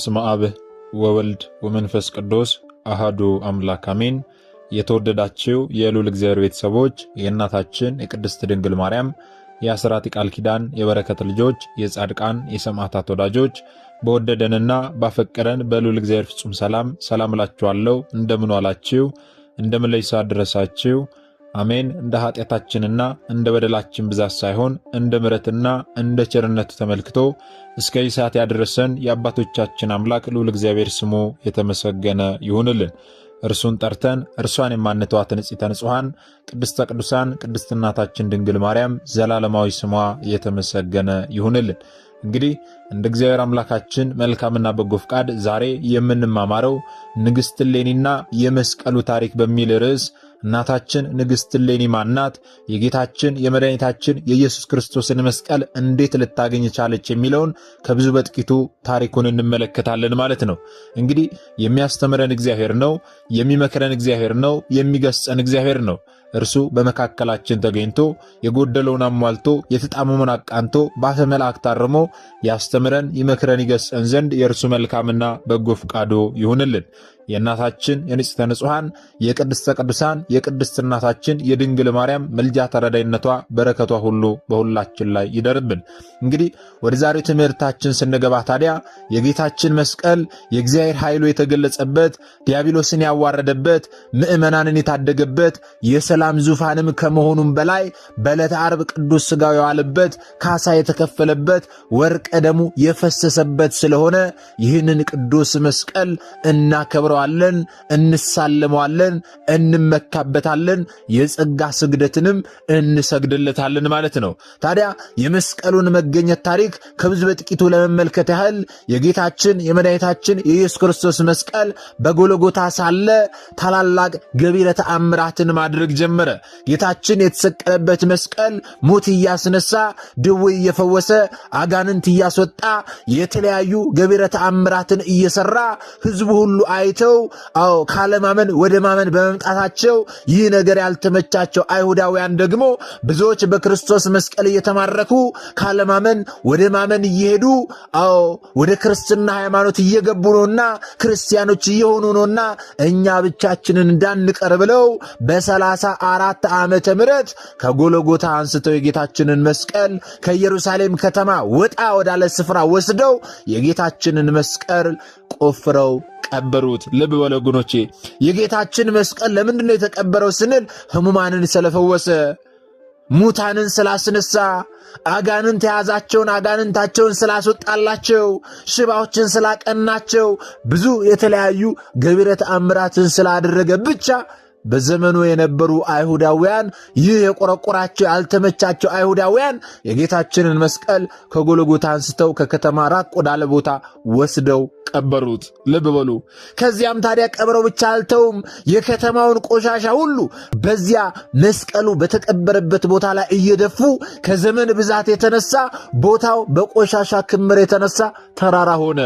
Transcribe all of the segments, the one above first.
በስመ አብ ወወልድ ወመንፈስ ቅዱስ አሃዱ አምላክ አሜን። የተወደዳችሁ የሉል እግዚአብሔር ቤተሰቦች የእናታችን የቅድስት ድንግል ማርያም የአስራት ቃል ኪዳን የበረከት ልጆች የጻድቃን የሰማዕታት ወዳጆች በወደደንና ባፈቀረን በሉል እግዚአብሔር ፍጹም ሰላም ሰላም እላችኋለሁ። እንደምን ዋላችሁ? እንደምን ለይሳ ደረሳችሁ? አሜን። እንደ ኃጢአታችንና እንደ በደላችን ብዛት ሳይሆን እንደ ምረትና እንደ ቸርነቱ ተመልክቶ እስከዚህ ሰዓት ያደረሰን የአባቶቻችን አምላክ ልዑል እግዚአብሔር ስሙ የተመሰገነ ይሁንልን። እርሱን ጠርተን እርሷን የማንተዋት ንጽሕተ ንጹሐን ቅድስተ ቅዱሳን ቅድስት እናታችን ድንግል ማርያም ዘላለማዊ ስሟ የተመሰገነ ይሁንልን። እንግዲህ እንደ እግዚአብሔር አምላካችን መልካምና በጎ ፍቃድ ዛሬ የምንማማረው ንግሥት እሌኒና የመስቀሉ ታሪክ በሚል ርዕስ እናታችን ንግሥት እሌኒ ማን የጌታችን የመድኃኒታችን የኢየሱስ ክርስቶስን መስቀል እንዴት ልታገኝ ቻለች? የሚለውን ከብዙ በጥቂቱ ታሪኩን እንመለከታለን ማለት ነው። እንግዲህ የሚያስተምረን እግዚአብሔር ነው፣ የሚመክረን እግዚአብሔር ነው፣ የሚገስጸን እግዚአብሔር ነው። እርሱ በመካከላችን ተገኝቶ የጎደለውን አሟልቶ የተጣመመን አቃንቶ በአፈ መላእክት አርሞ ያስተምረን፣ ይመክረን፣ ይገስጸን ዘንድ የእርሱ መልካምና በጎ ፈቃዱ ይሁንልን። የእናታችን የንጽሕተ ንጹሐን የቅድስተ ቅዱሳን የቅድስት እናታችን የድንግል ማርያም ምልጃ ተረዳይነቷ በረከቷ ሁሉ በሁላችን ላይ ይደርብን። እንግዲህ ወደ ዛሬው ትምህርታችን ስንገባ ታዲያ የጌታችን መስቀል የእግዚአብሔር ኃይሉ የተገለጸበት፣ ዲያብሎስን ያዋረደበት፣ ምዕመናንን የታደገበት፣ የሰላም ዙፋንም ከመሆኑም በላይ በዕለተ ዓርብ ቅዱስ ሥጋው የዋለበት፣ ካሳ የተከፈለበት፣ ወርቀ ደሙ የፈሰሰበት ስለሆነ ይህንን ቅዱስ መስቀል እናከብረዋል። እንዘክረዋለን፣ እንሳለመዋለን፣ እንመካበታለን፣ የጸጋ ስግደትንም እንሰግድለታለን ማለት ነው። ታዲያ የመስቀሉን መገኘት ታሪክ ከብዙ በጥቂቱ ለመመልከት ያህል የጌታችን የመድኃኒታችን የኢየሱስ ክርስቶስ መስቀል በጎለጎታ ሳለ ታላላቅ ገቢረ ተአምራትን ማድረግ ጀመረ። ጌታችን የተሰቀለበት መስቀል ሙት እያስነሳ፣ ድዌ እየፈወሰ፣ አጋንንት እያስወጣ የተለያዩ ገቢረ ተአምራትን እየሰራ ህዝቡ ሁሉ አይተው ናቸው። አዎ ካለማመን ወደ ማመን በመምጣታቸው ይህ ነገር ያልተመቻቸው አይሁዳውያን ደግሞ ብዙዎች በክርስቶስ መስቀል እየተማረኩ ካለማመን ወደ ማመን እየሄዱ አዎ ወደ ክርስትና ሃይማኖት እየገቡ ነውና ክርስቲያኖች እየሆኑ ነውና እኛ ብቻችንን እንዳንቀር ብለው በሰላሳ አራት ዓመተ ምሕረት ከጎለጎታ አንስተው የጌታችንን መስቀል ከኢየሩሳሌም ከተማ ወጣ ወዳለ ስፍራ ወስደው የጌታችንን መስቀል ቆፍረው ቀበሩት። ልብ በሉ ወገኖቼ፣ የጌታችን መስቀል ለምንድን ነው የተቀበረው ስንል ሕሙማንን ስለፈወሰ፣ ሙታንን ስላስነሳ፣ አጋንንት የያዛቸውን አጋንንታቸውን ስላስወጣላቸው፣ ሽባዎችን ስላቀናቸው፣ ብዙ የተለያዩ ገቢረ ተአምራትን ስላደረገ ብቻ በዘመኑ የነበሩ አይሁዳውያን ይህ የቆረቆራቸው ያልተመቻቸው አይሁዳውያን የጌታችንን መስቀል ከጎልጎታ አንስተው ከከተማ ራቅ ወዳለ ቦታ ወስደው ቀበሩት። ልብ በሉ። ከዚያም ታዲያ ቀብረው ብቻ አልተውም። የከተማውን ቆሻሻ ሁሉ በዚያ መስቀሉ በተቀበረበት ቦታ ላይ እየደፉ ከዘመን ብዛት የተነሳ ቦታው በቆሻሻ ክምር የተነሳ ተራራ ሆነ።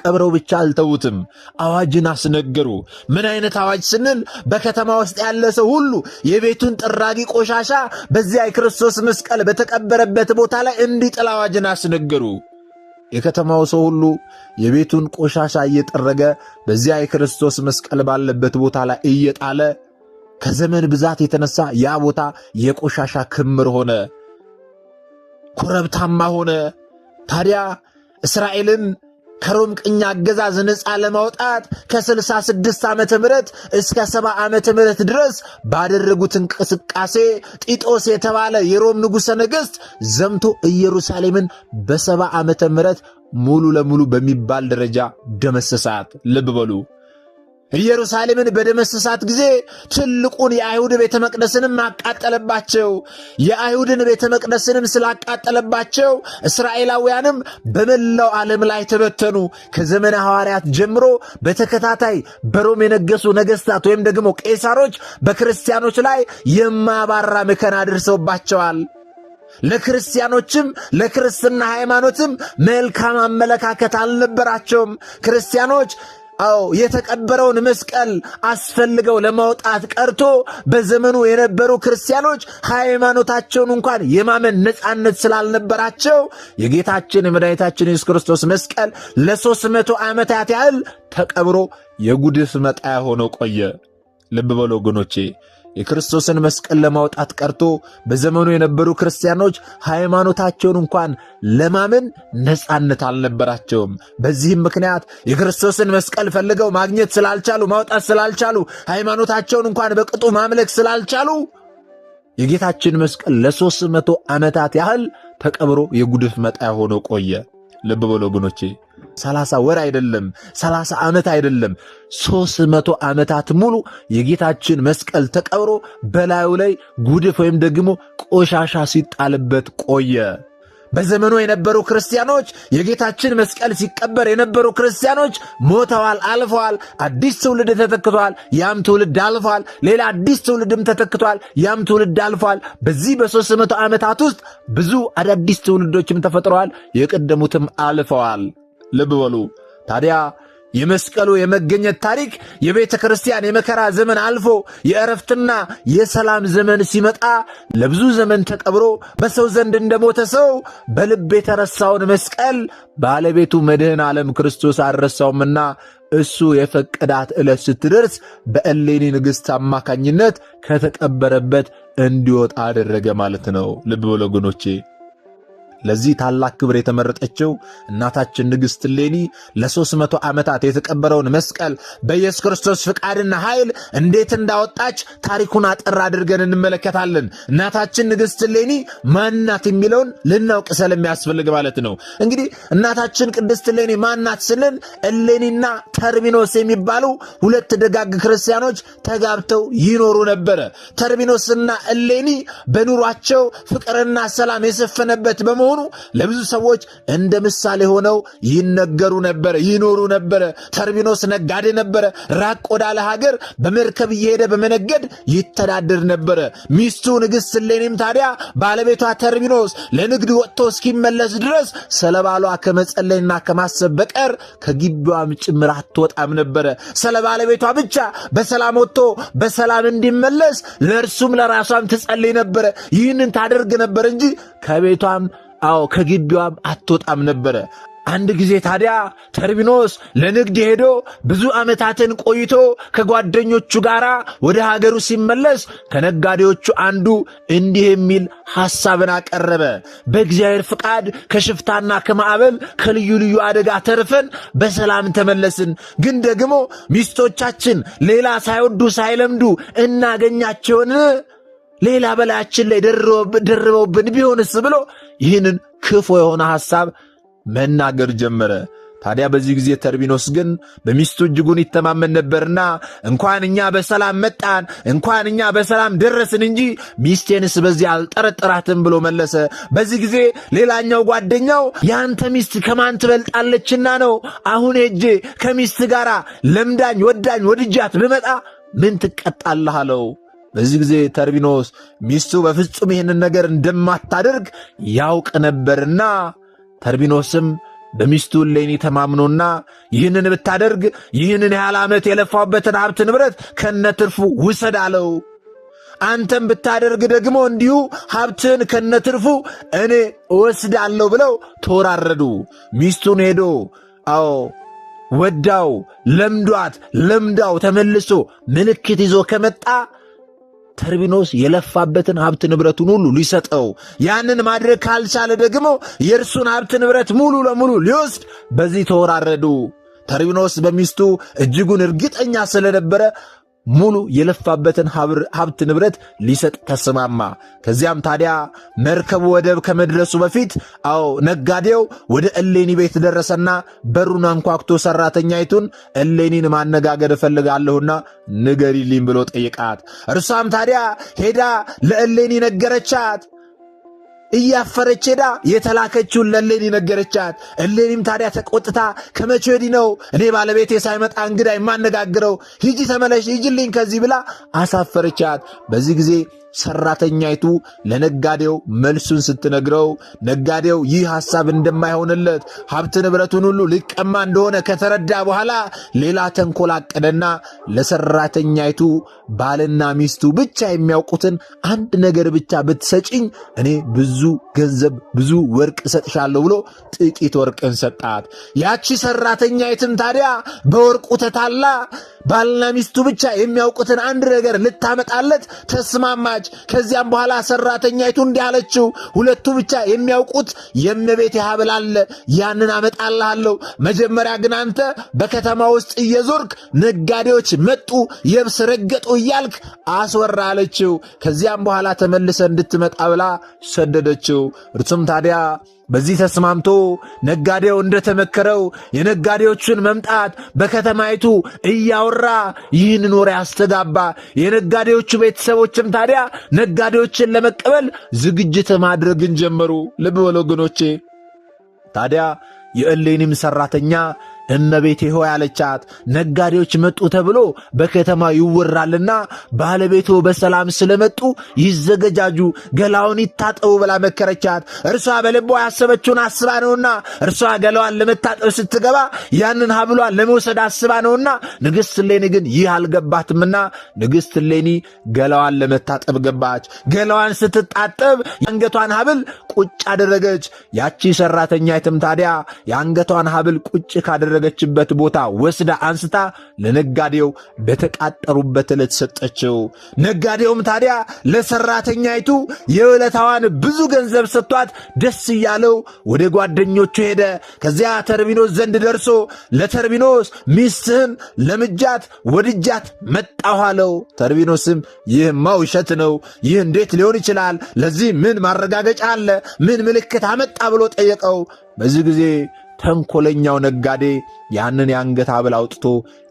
ቀብረው ብቻ አልተዉትም፣ አዋጅን አስነገሩ። ምን አይነት አዋጅ ስንል በከተማ ውስጥ ያለ ሰው ሁሉ የቤቱን ጥራጊ ቆሻሻ በዚያ የክርስቶስ መስቀል በተቀበረበት ቦታ ላይ እንዲጥል አዋጅን አስነገሩ። የከተማው ሰው ሁሉ የቤቱን ቆሻሻ እየጠረገ በዚያ የክርስቶስ መስቀል ባለበት ቦታ ላይ እየጣለ ከዘመን ብዛት የተነሳ ያ ቦታ የቆሻሻ ክምር ሆነ፣ ኮረብታማ ሆነ። ታዲያ እስራኤልን ከሮም ቅኝ አገዛዝ ነፃ ለማውጣት ከ66 ዓመተ ምህረት እስከ 70 ዓመተ ምህረት ድረስ ባደረጉት እንቅስቃሴ ጢጦስ የተባለ የሮም ንጉሠ ነገሥት ዘምቶ ኢየሩሳሌምን በ70 ዓመተ ምህረት ሙሉ ለሙሉ በሚባል ደረጃ ደመሰሳት። ልብ በሉ። ኢየሩሳሌምን በደመሰሳት ጊዜ ትልቁን የአይሁድ ቤተ መቅደስንም አቃጠለባቸው። የአይሁድን ቤተ መቅደስንም ስላቃጠለባቸው እስራኤላውያንም በመላው ዓለም ላይ ተበተኑ። ከዘመነ ሐዋርያት ጀምሮ በተከታታይ በሮም የነገሱ ነገሥታት ወይም ደግሞ ቄሳሮች በክርስቲያኖች ላይ የማያባራ መከና አድርሰውባቸዋል። ለክርስቲያኖችም ለክርስትና ሃይማኖትም መልካም አመለካከት አልነበራቸውም። ክርስቲያኖች አዎ የተቀበረውን መስቀል አስፈልገው ለማውጣት ቀርቶ በዘመኑ የነበሩ ክርስቲያኖች ሃይማኖታቸውን እንኳን የማመን ነፃነት ስላልነበራቸው የጌታችን የመድኃኒታችን የሱስ ክርስቶስ መስቀል ለሦስት መቶ ዓመታት ያህል ተቀብሮ የጉድፍ መጣያ ሆኖ ቆየ። ልብ በሉ ወገኖቼ። የክርስቶስን መስቀል ለማውጣት ቀርቶ በዘመኑ የነበሩ ክርስቲያኖች ሃይማኖታቸውን እንኳን ለማመን ነፃነት አልነበራቸውም። በዚህም ምክንያት የክርስቶስን መስቀል ፈልገው ማግኘት ስላልቻሉ፣ ማውጣት ስላልቻሉ፣ ሃይማኖታቸውን እንኳን በቅጡ ማምለክ ስላልቻሉ የጌታችን መስቀል ለሦስት መቶ ዓመታት ያህል ተቀብሮ የጉድፍ መጣያ ሆኖ ቆየ። ልብ በሉ ወገኖቼ። ሰላሳ ወር አይደለም፣ ሰላሳ ዓመት አይደለም፣ ሦስት መቶ ዓመታት ሙሉ የጌታችን መስቀል ተቀብሮ በላዩ ላይ ጉድፍ ወይም ደግሞ ቆሻሻ ሲጣልበት ቆየ። በዘመኑ የነበሩ ክርስቲያኖች የጌታችን መስቀል ሲቀበር የነበሩ ክርስቲያኖች ሞተዋል፣ አልፈዋል። አዲስ ትውልድ ተተክቷል፣ ያም ትውልድ አልፏል። ሌላ አዲስ ትውልድም ተተክቷል፣ ያም ትውልድ አልፏል። በዚህ በሦስት መቶ ዓመታት ውስጥ ብዙ አዳዲስ ትውልዶችም ተፈጥረዋል፣ የቀደሙትም አልፈዋል። ልብ በሉ ታዲያ የመስቀሉ የመገኘት ታሪክ የቤተ ክርስቲያን የመከራ ዘመን አልፎ የእረፍትና የሰላም ዘመን ሲመጣ ለብዙ ዘመን ተቀብሮ በሰው ዘንድ እንደሞተ ሰው በልብ የተረሳውን መስቀል ባለቤቱ መድህን ዓለም ክርስቶስ አልረሳውምና እሱ የፈቀዳት ዕለት ስትደርስ በእሌኒ ንግሥት አማካኝነት ከተቀበረበት እንዲወጣ አደረገ ማለት ነው። ልብ በሉ ወገኖቼ። ለዚህ ታላቅ ክብር የተመረጠችው እናታችን ንግሥት እሌኒ ለሦስት መቶ ዓመታት የተቀበረውን መስቀል በኢየሱስ ክርስቶስ ፍቃድና ኃይል እንዴት እንዳወጣች ታሪኩን አጠር አድርገን እንመለከታለን። እናታችን ንግሥት እሌኒ ማናት የሚለውን ልናውቅ ስለሚያስፈልግ ማለት ነው። እንግዲህ እናታችን ቅድስት እሌኒ ማናት ስንል እሌኒና ተርሚኖስ የሚባሉ ሁለት ደጋግ ክርስቲያኖች ተጋብተው ይኖሩ ነበረ። ተርሚኖስና እሌኒ በኑሯቸው ፍቅርና ሰላም የሰፈነበት በመሆኑ በመሆኑ ለብዙ ሰዎች እንደ ምሳሌ ሆነው ይነገሩ ነበረ፣ ይኖሩ ነበረ። ተርቢኖስ ነጋዴ ነበረ። ራቅ ወዳለ ሀገር በመርከብ እየሄደ በመነገድ ይተዳደር ነበረ። ሚስቱ ንግሥት ስሌኒም ታዲያ ባለቤቷ ተርቢኖስ ለንግድ ወጥቶ እስኪመለስ ድረስ ስለ ባሏ ከመጸለይና ከማሰብ በቀር ከግቢዋም ጭምር አትወጣም ነበረ። ስለ ባለቤቷ ብቻ በሰላም ወጥቶ በሰላም እንዲመለስ ለእርሱም ለራሷም ትጸልይ ነበረ። ይህንን ታደርግ ነበር እንጂ ከቤቷም አዎ ከግቢዋም አትወጣም ነበረ። አንድ ጊዜ ታዲያ ተርቢኖስ ለንግድ ሄዶ ብዙ ዓመታትን ቆይቶ ከጓደኞቹ ጋር ወደ ሀገሩ ሲመለስ ከነጋዴዎቹ አንዱ እንዲህ የሚል ሐሳብን አቀረበ። በእግዚአብሔር ፍቃድ ከሽፍታና ከማዕበል ከልዩ ልዩ አደጋ ተርፈን በሰላም ተመለስን። ግን ደግሞ ሚስቶቻችን ሌላ ሳይወዱ ሳይለምዱ እናገኛቸውን ሌላ በላያችን ላይ ደርበውብን ቢሆንስ ብሎ ይህንን ክፉ የሆነ ሐሳብ መናገር ጀመረ። ታዲያ በዚህ ጊዜ ተርቢኖስ ግን በሚስቱ እጅጉን ይተማመን ነበርና እንኳን እኛ በሰላም መጣን፣ እንኳን እኛ በሰላም ደረስን እንጂ ሚስቴንስ በዚህ አልጠረጠራትም ብሎ መለሰ። በዚህ ጊዜ ሌላኛው ጓደኛው ያንተ ሚስት ከማን ትበልጣለችና ነው? አሁን ሄጄ ከሚስት ጋር ለምዳኝ ወዳኝ ወድጃት ብመጣ ምን ትቀጣለህ? አለው። በዚህ ጊዜ ተርቢኖስ ሚስቱ በፍጹም ይህንን ነገር እንደማታደርግ ያውቅ ነበርና ተርቢኖስም በሚስቱ ሌኒ ተማምኖና ይህንን ብታደርግ ይህንን ያህል ዓመት የለፋውበትን ሀብት ንብረት ከነትርፉ ውሰድ አለው። አንተም ብታደርግ ደግሞ እንዲሁ ሀብትን ከነትርፉ እኔ እወስዳለሁ ብለው ተወራረዱ። ሚስቱን ሄዶ አዎ ወዳው ለምዷት ለምዳው ተመልሶ ምልክት ይዞ ከመጣ ተርቢኖስ የለፋበትን ሀብት ንብረቱን ሁሉ ሊሰጠው ያንን ማድረግ ካልቻለ ደግሞ የእርሱን ሀብት ንብረት ሙሉ ለሙሉ ሊወስድ በዚህ ተወራረዱ። ተርቢኖስ በሚስቱ እጅጉን እርግጠኛ ስለነበረ ሙሉ የለፋበትን ሀብት ንብረት ሊሰጥ ተስማማ። ከዚያም ታዲያ መርከቡ ወደብ ከመድረሱ በፊት አዎ ነጋዴው ወደ እሌኒ ቤት ደረሰና በሩን አንኳኩቶ ሰራተኛይቱን እሌኒን ማነጋገር እፈልጋለሁና ንገሪልኝ ብሎ ጠይቃት እርሷም ታዲያ ሄዳ ለእሌኒ ነገረቻት። እያፈረች ሄዳ የተላከችውን ለሌኒ ነገረቻት። እሌኒም ታዲያ ተቆጥታ ከመቼ ወዲህ ነው እኔ ባለቤቴ ሳይመጣ እንግዳ የማነጋግረው? ሂጂ ተመለሽ፣ ሂጂልኝ ከዚህ ብላ አሳፈረቻት። በዚህ ጊዜ ሰራተኛይቱ ለነጋዴው መልሱን ስትነግረው ነጋዴው ይህ ሐሳብ እንደማይሆንለት ሀብት ንብረቱን ሁሉ ሊቀማ እንደሆነ ከተረዳ በኋላ ሌላ ተንኮል አቀደና ለሰራተኛይቱ ባልና ሚስቱ ብቻ የሚያውቁትን አንድ ነገር ብቻ ብትሰጪኝ እኔ ብዙ ገንዘብ፣ ብዙ ወርቅ እሰጥሻለሁ ብሎ ጥቂት ወርቅን ሰጣት። ያቺ ሰራተኛይትም ታዲያ በወርቁ ተታላ ባልና ሚስቱ ብቻ የሚያውቁትን አንድ ነገር ልታመጣለት ተስማማች። ከዚያም በኋላ ሰራተኛይቱ እንዲህ አለችው፣ ሁለቱ ብቻ የሚያውቁት የመቤት ሐብል አለ፣ ያንን አመጣልሃለሁ። መጀመሪያ ግን አንተ በከተማ ውስጥ እየዞርክ ነጋዴዎች መጡ፣ የብስ ረገጡ እያልክ አስወራ አለችው። ከዚያም በኋላ ተመልሰ እንድትመጣ ብላ ሰደደችው። እርሱም ታዲያ በዚህ ተስማምቶ ነጋዴው እንደተመከረው የነጋዴዎቹን መምጣት በከተማይቱ እያወራ ይህን ኖር ያስተጋባ። የነጋዴዎቹ ቤተሰቦችም ታዲያ ነጋዴዎችን ለመቀበል ዝግጅት ማድረግን ጀመሩ። ልብ በሉ ወገኖቼ። ታዲያ የእሌኒም ሠራተኛ እመቤቴ ሆይ አለቻት። ነጋዴዎች መጡ ተብሎ በከተማ ይወራልና ባለቤቶ በሰላም ስለመጡ ይዘገጃጁ፣ ገላውን ይታጠቡ ብላ መከረቻት። እርሷ በልቧ ያሰበችውን አስባ ነውና እርሷ ገላዋን ለመታጠብ ስትገባ ያንን ሀብሏን ለመውሰድ አስባ ነውና፣ ንግሥት እሌኒ ግን ይህ አልገባትምና ንግሥት እሌኒ ገላዋን ለመታጠብ ገባች። ገላዋን ስትጣጠብ የአንገቷን ሀብል ቁጭ አደረገች። ያቺ ይትም ታዲያ የአንገቷን ሀብል ቁጭ ካደረገ ካደረገችበት ቦታ ወስዳ አንስታ ለነጋዴው በተቃጠሩበት ዕለት ሰጠችው። ነጋዴውም ታዲያ ለሰራተኛይቱ የዕለታዋን ብዙ ገንዘብ ሰጥቷት ደስ እያለው ወደ ጓደኞቹ ሄደ። ከዚያ ተርቢኖስ ዘንድ ደርሶ ለተርቢኖስ ሚስትህን ለምጃት ወድጃት መጣሁ አለው። ተርቢኖስም ይህማ ውሸት ነው፣ ይህ እንዴት ሊሆን ይችላል? ለዚህ ምን ማረጋገጫ አለ? ምን ምልክት አመጣ ብሎ ጠየቀው። በዚህ ጊዜ ተንኮለኛው ነጋዴ ያንን የአንገት ሐብል አውጥቶ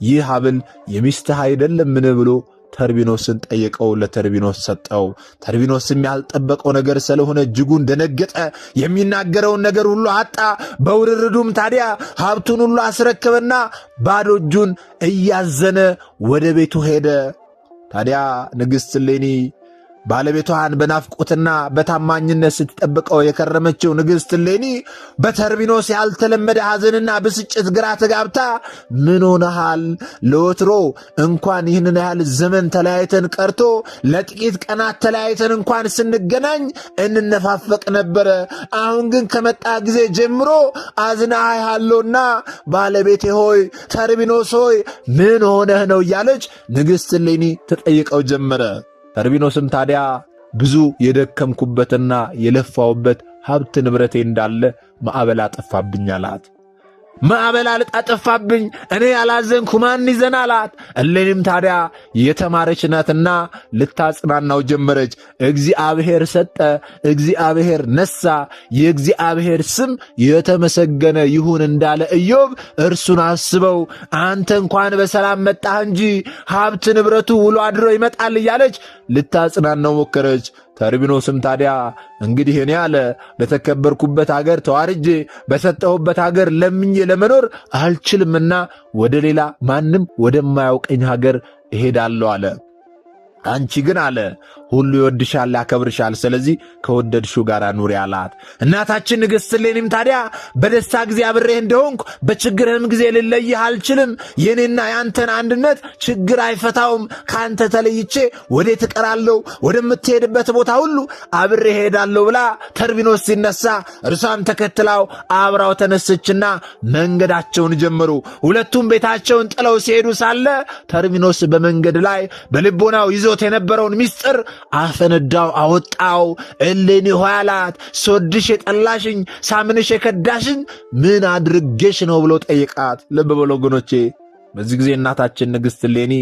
ይህ ሐብል የሚስትህ አይደለምን ብሎ ተርቢኖስን ጠየቀው። ለተርቢኖስ ሰጠው። ተርቢኖስም ያልጠበቀው ነገር ስለሆነ እጅጉን ደነገጠ። የሚናገረውን ነገር ሁሉ አጣ። በውርርዱም ታዲያ ሀብቱን ሁሉ አስረከበና ባዶ እጁን እያዘነ ወደ ቤቱ ሄደ። ታዲያ ንግሥት እሌኒ ባለቤቷን በናፍቆትና በታማኝነት ስትጠብቀው የከረመችው ንግሥት ሌኒ በተርቢኖስ ያልተለመደ ሐዘንና ብስጭት ግራ ተጋብታ ምን ሆነሃል? ለወትሮ እንኳን ይህንን ያህል ዘመን ተለያይተን ቀርቶ ለጥቂት ቀናት ተለያይተን እንኳን ስንገናኝ እንነፋፈቅ ነበረ። አሁን ግን ከመጣ ጊዜ ጀምሮ አዝናሃለሁና ባለቤቴ ሆይ፣ ተርቢኖስ ሆይ ምን ሆነህ ነው? እያለች ንግሥት ሌኒ ተጠይቀው ጀመረ። ተርቢኖስም ታዲያ ብዙ የደከምኩበትና የለፋውበት ሀብት ንብረቴ እንዳለ ማዕበል አጠፋብኝ አላት። ማዕበል አልጣጠፋብኝ እኔ ያላዘንኩ ማን ይዘን አላት። እሌኒም ታዲያ የተማረች ናትና ልታጽናናው ጀመረች። እግዚአብሔር ሰጠ፣ እግዚአብሔር ነሳ፣ የእግዚአብሔር ስም የተመሰገነ ይሁን እንዳለ ኢዮብ እርሱን አስበው። አንተ እንኳን በሰላም መጣህ እንጂ ሀብት ንብረቱ ውሎ አድሮ ይመጣል እያለች ልታጽናናው ሞከረች። ተርቢኖስም ታዲያ እንግዲህ እኔ አለ በተከበርኩበት አገር ተዋርጄ በሰጠሁበት አገር ለምኜ ለመኖር አልችልምና ወደ ሌላ ማንም ወደማያውቀኝ ሀገር እሄዳለሁ አለ። አንቺ ግን አለ ሁሉ ይወድሻል፣ ያከብርሻል። ስለዚህ ከወደድሹ ጋር ኑሪ አላት። እናታችን ንግሥት እሌኒም ታዲያ በደስታ ጊዜ አብሬህ እንደሆንኩ በችግርህም ጊዜ ልለይህ አልችልም። የኔና የአንተን አንድነት ችግር አይፈታውም። ከአንተ ተለይቼ ወዴት እቀራለሁ? ወደምትሄድበት ቦታ ሁሉ አብሬ ሄዳለሁ ብላ ተርቢኖስ ሲነሳ እርሷን ተከትላው አብራው ተነሰችና መንገዳቸውን ጀመሩ። ሁለቱም ቤታቸውን ጥለው ሲሄዱ ሳለ ተርቢኖስ በመንገድ ላይ በልቦናው ይዞ ይዞት የነበረውን ምስጢር አፈነዳው፣ አወጣው። እሌኒ ሆይ አላት። ስወድሽ የጠላሽኝ፣ ሳምንሽ የከዳሽኝ ምን አድርጌሽ ነው ብሎ ጠይቃት። ልብ በሉ ወገኖቼ። በዚህ ጊዜ እናታችን ንግሥት እሌኒ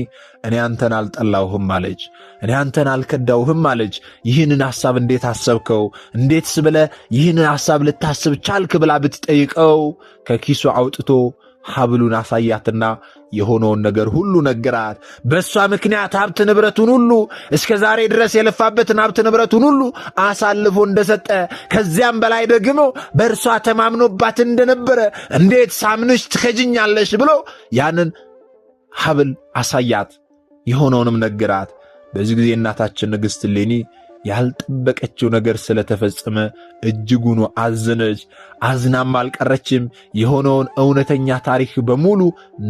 እኔ አንተን አልጠላውህም አለች። እኔ አንተን አልከዳውህም አለች። ይህንን ሐሳብ እንዴት አሰብከው? እንዴትስ ብለህ ይህንን ሐሳብ ልታስብ ቻልክ? ብላ ብትጠይቀው ከኪሱ አውጥቶ ሐብሉን አሳያትና የሆነውን ነገር ሁሉ ነገራት። በእሷ ምክንያት ሀብት ንብረቱን ሁሉ እስከ ዛሬ ድረስ የለፋበትን ሀብት ንብረቱን ሁሉ አሳልፎ እንደሰጠ ከዚያም በላይ ደግሞ በእርሷ ተማምኖባት እንደነበረ እንዴት ሳምንሽ ትከጅኛለሽ ብሎ ያንን ሀብል አሳያት፣ የሆነውንም ነገራት። በዚህ ጊዜ እናታችን ንግሥት እሌኒ ያልጠበቀችው ነገር ስለተፈጸመ እጅጉኑ አዘነች። አዝናም አልቀረችም። የሆነውን እውነተኛ ታሪክ በሙሉ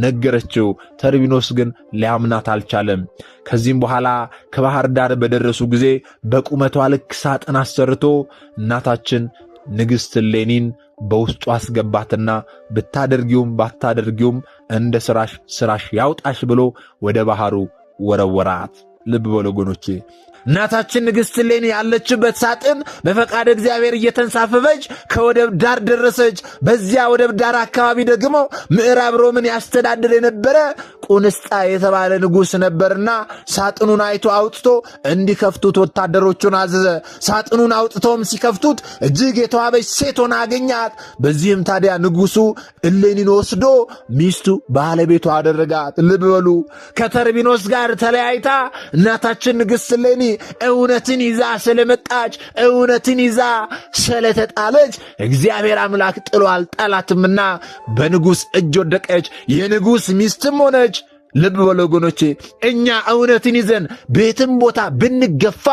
ነገረችው። ተርቢኖስ ግን ሊያምናት አልቻለም። ከዚህም በኋላ ከባህር ዳር በደረሱ ጊዜ በቁመቷ ልክ ሳጥን አሰርቶ እናታችን ንግሥት ሌኒን በውስጡ አስገባትና ብታደርጊውም ባታደርጊውም እንደ ስራሽ ስራሽ ያውጣሽ ብሎ ወደ ባህሩ ወረወራት። ልብ በሉ ወገኖቼ እናታችን ንግሥት ሌን ያለችበት ሳጥን በፈቃድ እግዚአብሔር እየተንሳፈፈች ከወደብ ዳር ደረሰች። በዚያ ወደብ ዳር አካባቢ ደግሞ ምዕራብ ሮምን ያስተዳድር የነበረ ቁንስጣ የተባለ ንጉሥ ነበርና ሳጥኑን አይቶ አውጥቶ እንዲከፍቱት ወታደሮቹን አዘዘ። ሳጥኑን አውጥቶም ሲከፍቱት እጅግ የተዋበች ሴት ሆና አገኛት። በዚህም ታዲያ ንጉሡ እሌኒን ወስዶ ሚስቱ ባለቤቱ አደረጋት። ልብ በሉ ከተርቢኖስ ጋር ተለያይታ እናታችን ንግሥት እሌኒ እውነትን ይዛ ስለመጣች እውነትን ይዛ ስለተጣለች እግዚአብሔር አምላክ ጥሎ አልጣላትምና በንጉሥ እጅ ወደቀች፣ የንጉሥ ሚስትም ሆነች። ልብ በሉ ወገኖቼ፣ እኛ እውነትን ይዘን ቤትም ቦታ ብንገፋ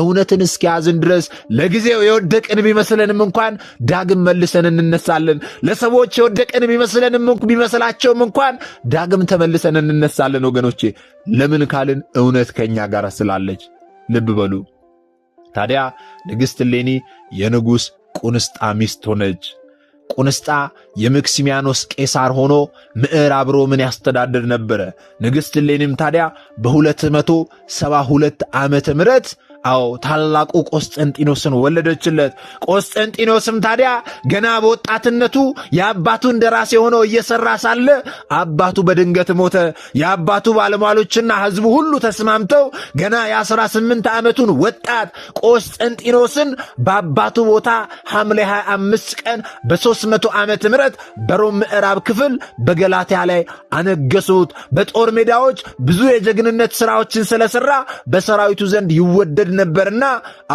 እውነትን እስኪያዝን ድረስ ለጊዜው የወደቅን ቢመስለንም እንኳን ዳግም መልሰን እንነሳለን። ለሰዎች የወደቅን ቢመስለንም ቢመስላቸውም እንኳን ዳግም ተመልሰን እንነሳለን። ወገኖቼ ለምን ካልን እውነት ከእኛ ጋር ስላለች ልብ በሉ። ታዲያ ንግሥት እሌኒ የንጉሥ ቁንስጣ ሚስት ሆነች። ቁንስጣ የመክሲሚያኖስ ቄሳር ሆኖ ምዕራብ ሮምን ያስተዳድር ነበረ። ንግሥት እሌኒም ታዲያ በ272 ዓመተ ምሕረት አዎ ታላቁ ቆስጠንጢኖስን ወለደችለት። ቆስጠንጢኖስም ታዲያ ገና በወጣትነቱ የአባቱ እንደራሴ ሆኖ እየሰራ ሳለ አባቱ በድንገት ሞተ። የአባቱ ባለሟሎችና ሕዝቡ ሁሉ ተስማምተው ገና የአስራ ስምንት ዓመቱን ወጣት ቆስጠንጢኖስን በአባቱ ቦታ ሐምሌ 25 ቀን በ300 ዓመተ ምህረት በሮም ምዕራብ ክፍል በገላትያ ላይ አነገሱት። በጦር ሜዳዎች ብዙ የጀግንነት ሥራዎችን ስለሠራ በሰራዊቱ ዘንድ ይወደድ ነበርና፣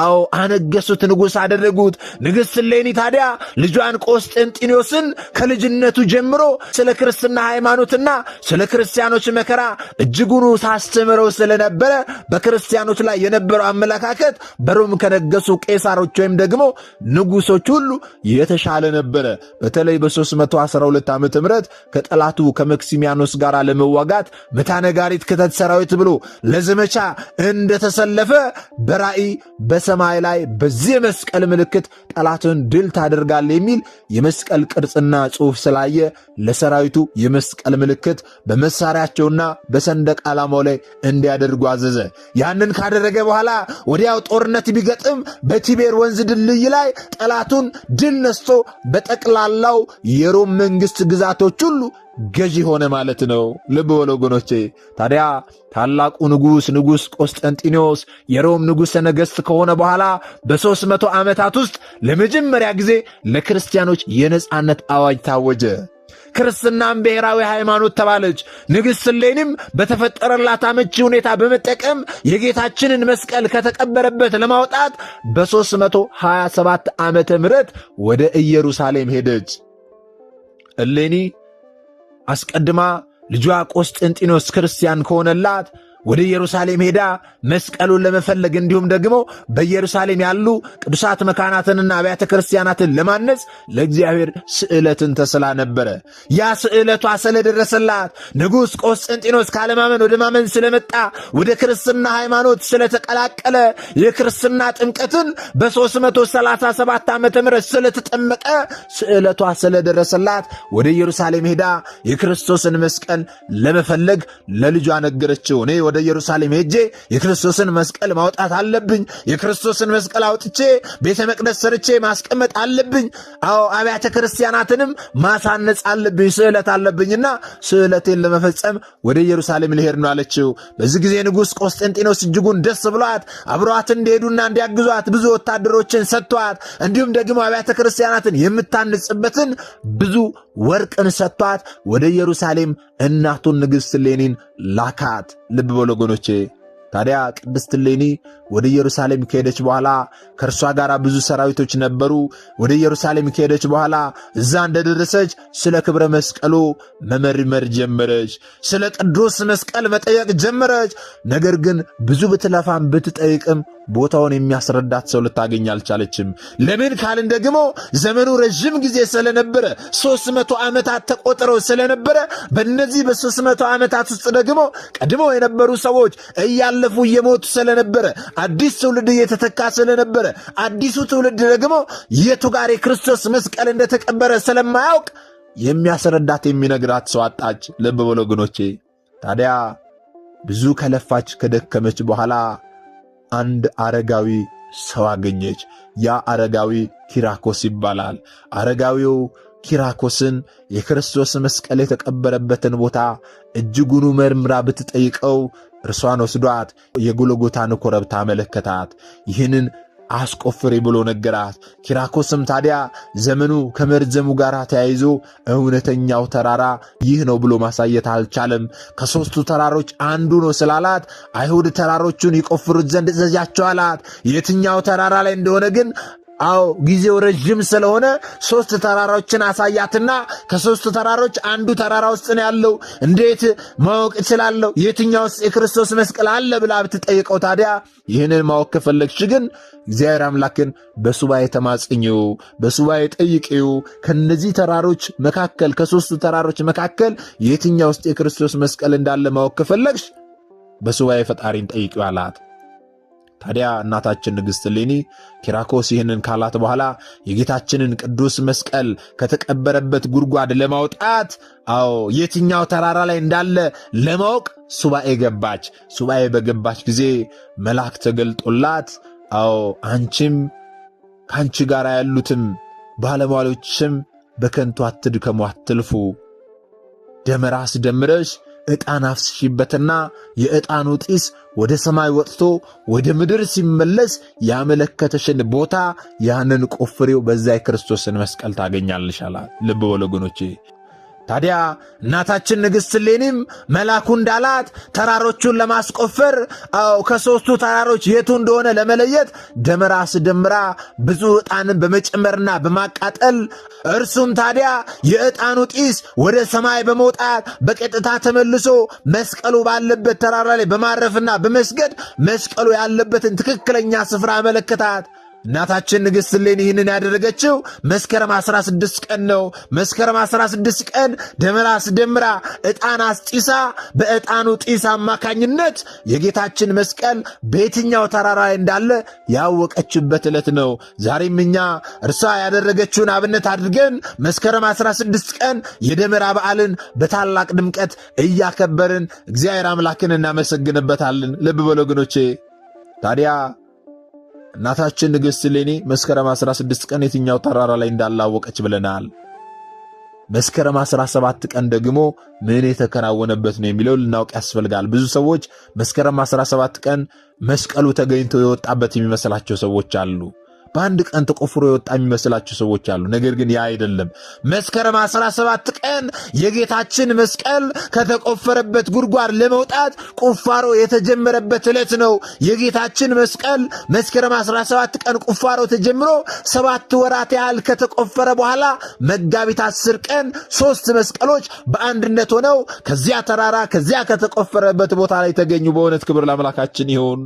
አዎ አነገሱት፣ ንጉሥ አደረጉት። ንግሥት እሌኒ ታዲያ ልጇን ቆስጠንጢኒዮስን ከልጅነቱ ጀምሮ ስለ ክርስትና ሃይማኖትና ስለ ክርስቲያኖች መከራ እጅጉኑ ሳስተምረው ስለነበረ በክርስቲያኖች ላይ የነበረው አመለካከት በሮም ከነገሱ ቄሳሮች ወይም ደግሞ ንጉሶች ሁሉ የተሻለ ነበረ። በተለይ በ312 ዓ ም ከጠላቱ ከመክሲሚያኖስ ጋር ለመዋጋት መታነጋሪት ክተት ሰራዊት ብሎ ለዘመቻ እንደተሰለፈ በራእይ በሰማይ ላይ በዚህ የመስቀል ምልክት ጠላትን ድል ታደርጋል የሚል የመስቀል ቅርጽና ጽሑፍ ስላየ ለሰራዊቱ የመስቀል ምልክት በመሳሪያቸውና በሰንደቅ ዓላማው ላይ እንዲያደርጉ አዘዘ። ያንን ካደረገ በኋላ ወዲያው ጦርነት ቢገጥም በቲቤር ወንዝ ድልድይ ላይ ጠላቱን ድል ነስቶ በጠቅላላው የሮም መንግሥት ግዛቶች ሁሉ ገዢ ሆነ ማለት ነው። ልብ በሉ ወገኖቼ። ታዲያ ታላቁ ንጉሥ ንጉሥ ቆስጠንጢኖስ የሮም ንጉሠ ነገሥት ከሆነ በኋላ በሦስት መቶ ዓመታት ውስጥ ለመጀመሪያ ጊዜ ለክርስቲያኖች የነፃነት አዋጅ ታወጀ። ክርስትናም ብሔራዊ ሃይማኖት ተባለች። ንግሥት እሌኒም በተፈጠረላት አመቺ ሁኔታ በመጠቀም የጌታችንን መስቀል ከተቀበረበት ለማውጣት በ327 ዓመተ ምሕረት ወደ ኢየሩሳሌም ሄደች። እሌኒ አስቀድማ ልጇ ቆስጠንጢኖስ ክርስቲያን ከሆነላት ወደ ኢየሩሳሌም ሄዳ መስቀሉን ለመፈለግ እንዲሁም ደግሞ በኢየሩሳሌም ያሉ ቅዱሳት መካናትንና አብያተ ክርስቲያናትን ለማነጽ ለእግዚአብሔር ስዕለትን ተስላ ነበረ። ያ ስዕለቷ ስለደረሰላት ንጉሥ ቆስጠንጢኖስ ካለማመን ወደ ማመን ስለመጣ ወደ ክርስትና ሃይማኖት ስለተቀላቀለ የክርስትና ጥምቀትን በ337 ዓ ም ስለተጠመቀ ስዕለቷ ስለደረሰላት ወደ ኢየሩሳሌም ሄዳ የክርስቶስን መስቀል ለመፈለግ ለልጇ ነገረችው። ወደ ኢየሩሳሌም ሄጄ የክርስቶስን መስቀል ማውጣት አለብኝ። የክርስቶስን መስቀል አውጥቼ ቤተ መቅደስ ሰርቼ ማስቀመጥ አለብኝ። አዎ አብያተ ክርስቲያናትንም ማሳነጽ አለብኝ። ስዕለት አለብኝና ስዕለቴን ለመፈጸም ወደ ኢየሩሳሌም ልሄድ ነው አለችው። በዚህ ጊዜ ንጉሥ ቆስጠንጢኖስ እጅጉን ደስ ብሏት አብረዋት እንዲሄዱና እንዲያግዟት ብዙ ወታደሮችን ሰጥቷት እንዲሁም ደግሞ አብያተ ክርስቲያናትን የምታንጽበትን ብዙ ወርቅን ሰጥቷት ወደ ኢየሩሳሌም እናቱን ንግሥት ሌኒን ላካት። ልብ በሉ ወገኖቼ። ታዲያ ቅድስት እሌኒ ወደ ኢየሩሳሌም ከሄደች በኋላ ከእርሷ ጋር ብዙ ሰራዊቶች ነበሩ። ወደ ኢየሩሳሌም ከሄደች በኋላ እዛ እንደደረሰች ስለ ክብረ መስቀሉ መመርመር ጀመረች። ስለ ቅዱስ መስቀል መጠየቅ ጀመረች። ነገር ግን ብዙ ብትለፋም ብትጠይቅም ቦታውን የሚያስረዳት ሰው ልታገኝ አልቻለችም። ለምን ካልን ደግሞ ዘመኑ ረዥም ጊዜ ስለነበረ ሶስት መቶ ዓመታት ተቆጥረው ስለነበረ በእነዚህ በሶስት መቶ ዓመታት ውስጥ ደግሞ ቀድሞ የነበሩ ሰዎች እያለፉ እየሞቱ ስለነበረ አዲስ ትውልድ እየተተካ ስለነበረ አዲሱ ትውልድ ደግሞ የቱ ጋር የክርስቶስ መስቀል እንደተቀበረ ስለማያውቅ የሚያስረዳት የሚነግራት ሰው አጣች። ልብ በሉ ወገኖቼ። ታዲያ ብዙ ከለፋች ከደከመች በኋላ አንድ አረጋዊ ሰው አገኘች። ያ አረጋዊ ኪራኮስ ይባላል። አረጋዊው ኪራኮስን የክርስቶስ መስቀል የተቀበረበትን ቦታ እጅጉኑ መርምራ ብትጠይቀው እርሷን ወስዷት የጎሎጎታን ኮረብታ መለከታት። ይህንን አስቆፍሪ ብሎ ነገራት። ኪራኮስም ታዲያ ዘመኑ ከመርዘሙ ጋር ተያይዞ እውነተኛው ተራራ ይህ ነው ብሎ ማሳየት አልቻለም። ከሦስቱ ተራሮች አንዱ ነው ስላላት አይሁድ ተራሮቹን ይቆፍሩት ዘንድ እዘዣቸው አላት። የትኛው ተራራ ላይ እንደሆነ ግን አዎ ጊዜው ረዥም ስለሆነ ሶስት ተራራዎችን አሳያትና ከሶስት ተራሮች አንዱ ተራራ ውስጥ ነው ያለው። እንዴት ማወቅ እችላለሁ? የትኛው ውስጥ የክርስቶስ መስቀል አለ ብላ ብትጠይቀው ታዲያ ይህንን ማወቅ ከፈለግሽ ግን እግዚአብሔር አምላክን በሱባኤ ተማጽኚው፣ በሱባኤ ጠይቂው። ከነዚህ ተራሮች መካከል ከሶስቱ ተራሮች መካከል የትኛው ውስጥ የክርስቶስ መስቀል እንዳለ ማወቅ ከፈለግሽ በሱባኤ ፈጣሪን ጠይቂው አላት። ታዲያ እናታችን ንግሥት ሊኒ ኪራኮስ ይህንን ካላት በኋላ የጌታችንን ቅዱስ መስቀል ከተቀበረበት ጉድጓድ ለማውጣት አዎ የትኛው ተራራ ላይ እንዳለ ለማወቅ ሱባኤ ገባች። ሱባኤ በገባች ጊዜ መልአክ ተገልጦላት፣ አዎ አንቺም ከአንቺ ጋር ያሉትም ባለሟሎችም በከንቱ አትድከሙ፣ አትልፉ ደመራስ ደምረሽ ዕጣን አፍስሽበትና የዕጣኑ ጢስ ወደ ሰማይ ወጥቶ ወደ ምድር ሲመለስ ያመለከተሽን ቦታ ያንን ቆፍሬው በዛ የክርስቶስን መስቀል ታገኛለሽ አላት። ልብ በሉ ወገኖቼ። ታዲያ እናታችን ንግሥት ሌኒም መልአኩ እንዳላት ተራሮቹን ለማስቆፈር አዎ ከሦስቱ ተራሮች የቱ እንደሆነ ለመለየት ደመራ አስደምራ ብዙ ዕጣንን በመጨመርና በማቃጠል እርሱም ታዲያ የዕጣኑ ጢስ ወደ ሰማይ በመውጣት በቀጥታ ተመልሶ መስቀሉ ባለበት ተራራ ላይ በማረፍና በመስገድ መስቀሉ ያለበትን ትክክለኛ ስፍራ አመለከታት። እናታችን ንግሥት እሌኒ ይህንን ያደረገችው መስከረም 16 ቀን ነው። መስከረም 16 ቀን ደመራ አስደምራ ዕጣን አስጢሳ በዕጣኑ ጢስ አማካኝነት የጌታችን መስቀል በየትኛው ተራራ ላይ እንዳለ ያወቀችበት ዕለት ነው። ዛሬም እኛ እርሷ ያደረገችውን አብነት አድርገን መስከረም 16 ቀን የደመራ በዓልን በታላቅ ድምቀት እያከበርን እግዚአብሔር አምላክን እናመሰግንበታለን። ልብ በሉ ወገኖቼ ታዲያ እናታችን ንግሥት እሌኒ መስከረም 16 ቀን የትኛው ተራራ ላይ እንዳላወቀች ብለናል። መስከረም 17 ቀን ደግሞ ምን የተከናወነበት ነው የሚለው ልናውቅ ያስፈልጋል። ብዙ ሰዎች መስከረም 17 ቀን መስቀሉ ተገኝቶ የወጣበት የሚመስላቸው ሰዎች አሉ። በአንድ ቀን ተቆፍሮ የወጣ የሚመስላችሁ ሰዎች አሉ። ነገር ግን ያ አይደለም። መስከረም 17 ቀን የጌታችን መስቀል ከተቆፈረበት ጉድጓድ ለመውጣት ቁፋሮ የተጀመረበት ዕለት ነው። የጌታችን መስቀል መስከረም 17 ቀን ቁፋሮ ተጀምሮ ሰባት ወራት ያህል ከተቆፈረ በኋላ መጋቢት 10 ቀን ሶስት መስቀሎች በአንድነት ሆነው ከዚያ ተራራ ከዚያ ከተቆፈረበት ቦታ ላይ ተገኙ። በእውነት ክብር ለአምላካችን ይሁን።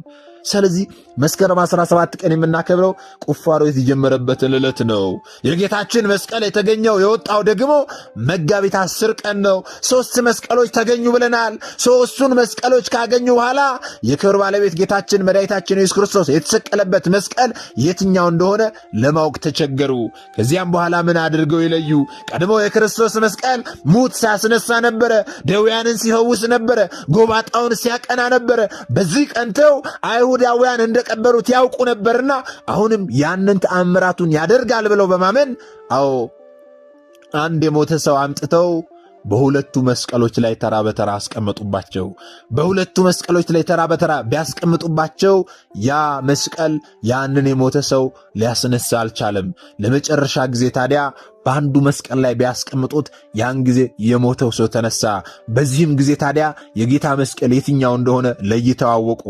ስለዚህ መስከረም 17 ቀን የምናከብረው ቁፋሮ የተጀመረበትን ዕለት ነው። የጌታችን መስቀል የተገኘው የወጣው ደግሞ መጋቢት አስር ቀን ነው። ሶስት መስቀሎች ተገኙ ብለናል። ሶስቱን መስቀሎች ካገኙ በኋላ የክብር ባለቤት ጌታችን መድኃኒታችን ኢየሱስ ክርስቶስ የተሰቀለበት መስቀል የትኛው እንደሆነ ለማወቅ ተቸገሩ። ከዚያም በኋላ ምን አድርገው ይለዩ? ቀድሞ የክርስቶስ መስቀል ሙት ሲያስነሳ ነበረ። ደውያንን ሲፈውስ ነበረ። ጎባጣውን ሲያቀና ነበረ። በዚህ ቀንተው አይሁ አይሁዳውያን እንደቀበሩት ያውቁ ነበርና አሁንም ያንን ተአምራቱን ያደርጋል ብለው በማመን አዎ አንድ የሞተ ሰው አምጥተው በሁለቱ መስቀሎች ላይ ተራ በተራ አስቀመጡባቸው። በሁለቱ መስቀሎች ላይ ተራ በተራ ቢያስቀምጡባቸው ያ መስቀል ያንን የሞተ ሰው ሊያስነሳ አልቻለም። ለመጨረሻ ጊዜ ታዲያ በአንዱ መስቀል ላይ ቢያስቀምጡት ያን ጊዜ የሞተው ሰው ተነሳ። በዚህም ጊዜ ታዲያ የጌታ መስቀል የትኛው እንደሆነ ለይተዋወቁ።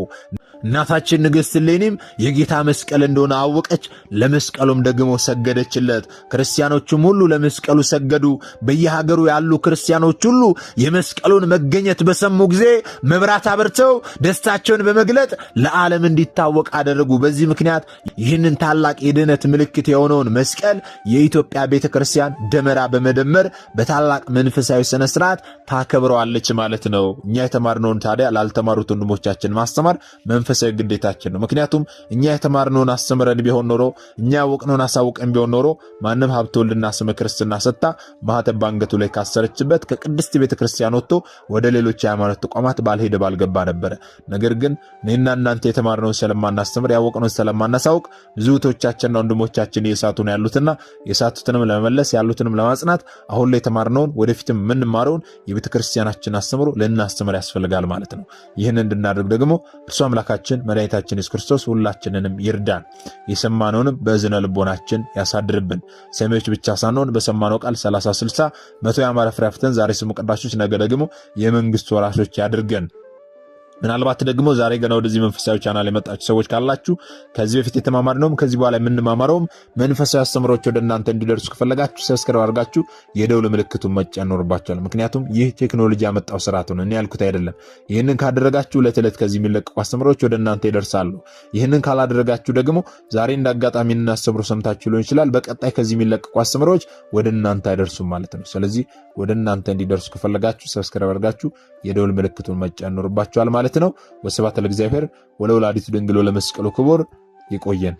እናታችን ንግሥት ሌኒም የጌታ መስቀል እንደሆነ አወቀች፣ ለመስቀሉም ደግሞ ሰገደችለት። ክርስቲያኖቹም ሁሉ ለመስቀሉ ሰገዱ። በየሀገሩ ያሉ ክርስቲያኖች ሁሉ የመስቀሉን መገኘት በሰሙ ጊዜ መብራት አብርተው ደስታቸውን በመግለጥ ለዓለም እንዲታወቅ አደረጉ። በዚህ ምክንያት ይህንን ታላቅ የድህነት ምልክት የሆነውን መስቀል የኢትዮጵያ ቤተ ክርስቲያን ደመራ በመደመር በታላቅ መንፈሳዊ ሥነ ሥርዓት ታከብረዋለች ማለት ነው። እኛ የተማርነውን ታዲያ ላልተማሩት ወንድሞቻችን ማስተማር መንፈሳዊ ግዴታችን ነው። ምክንያቱም እኛ የተማርነውን አስተምረን ቢሆን ኖሮ እኛ ያወቅነውን አሳውቀን ቢሆን ኖሮ ማንም ሀብተ ወልድና ስመ ክርስትና ሰጥታ ማህተብ ባንገቱ ላይ ካሰረችበት ከቅድስት ቤተ ክርስቲያን ወጥቶ ወደ ሌሎች የሃይማኖት ተቋማት ባልሄደ ባልገባ ነበረ። ነገር ግን እኔና እናንተ የተማርነውን ስለማናስተምር ያወቅነውን ስለማናሳውቅ ብዙ እህቶቻችንና ወንድሞቻችን ነው ያሉትና የሳቱትንም ለመመለስ ያሉትንም ለማጽናት አሁን ላይ የተማርነውን ወደፊትም የምንማረውን የቤተ ክርስቲያናችን አስተምሮ ልናስተምር ያስፈልጋል ማለት ነው። ይህን እንድናደርግ ደግሞ እርሱ አምላካ ጌታችን መድኃኒታችን ኢየሱስ ክርስቶስ ሁላችንንም ይርዳን። የሰማነውንም በእዝነ ልቦናችን ያሳድርብን። ሰሚዎች ብቻ ሳንሆን በሰማነው ቃል 30 60 መቶ የአማረ ፍሬ አፍርተን ዛሬ ስሙ ቅዳሾች፣ ነገ ደግሞ የመንግስቱ ወራሾች ያድርገን። ምናልባት ደግሞ ዛሬ ገና ወደዚህ መንፈሳዊ ቻናል የመጣችሁ ሰዎች ካላችሁ ከዚህ በፊት የተማማርነውም ከዚህ በኋላ የምንማማረውም መንፈሳዊ አስተምሮች ወደ እናንተ እንዲደርሱ ከፈለጋችሁ ሰብስክራይብ አድርጋችሁ የደውል ምልክቱን መጫን ይኖርባችኋል። ምክንያቱም ይህ ቴክኖሎጂ ያመጣው ስርዓት ነው፣ እኔ ያልኩት አይደለም። ይህንን ካደረጋችሁ ዕለት ዕለት ከዚህ የሚለቀቁ አስተምሮች ወደ እናንተ ይደርሳሉ። ይህንን ካላደረጋችሁ ደግሞ ዛሬ እንደ አጋጣሚ እናስተምሮ ሰምታችሁ ሊሆን ይችላል፣ በቀጣይ ከዚህ የሚለቀቁ አስተምሮች ወደ እናንተ አይደርሱም ማለት ነው። ስለዚህ ወደ እናንተ እንዲደርሱ ከፈለጋችሁ ሰብስክራይብ አድርጋችሁ የደውል ምልክቱን መጫን ይኖርባችኋል ማለት ማለት ነው። ወስብሐት ለእግዚአብሔር ወለወላዲቱ ድንግል ለመስቀሉ ክቡር። ይቆየን።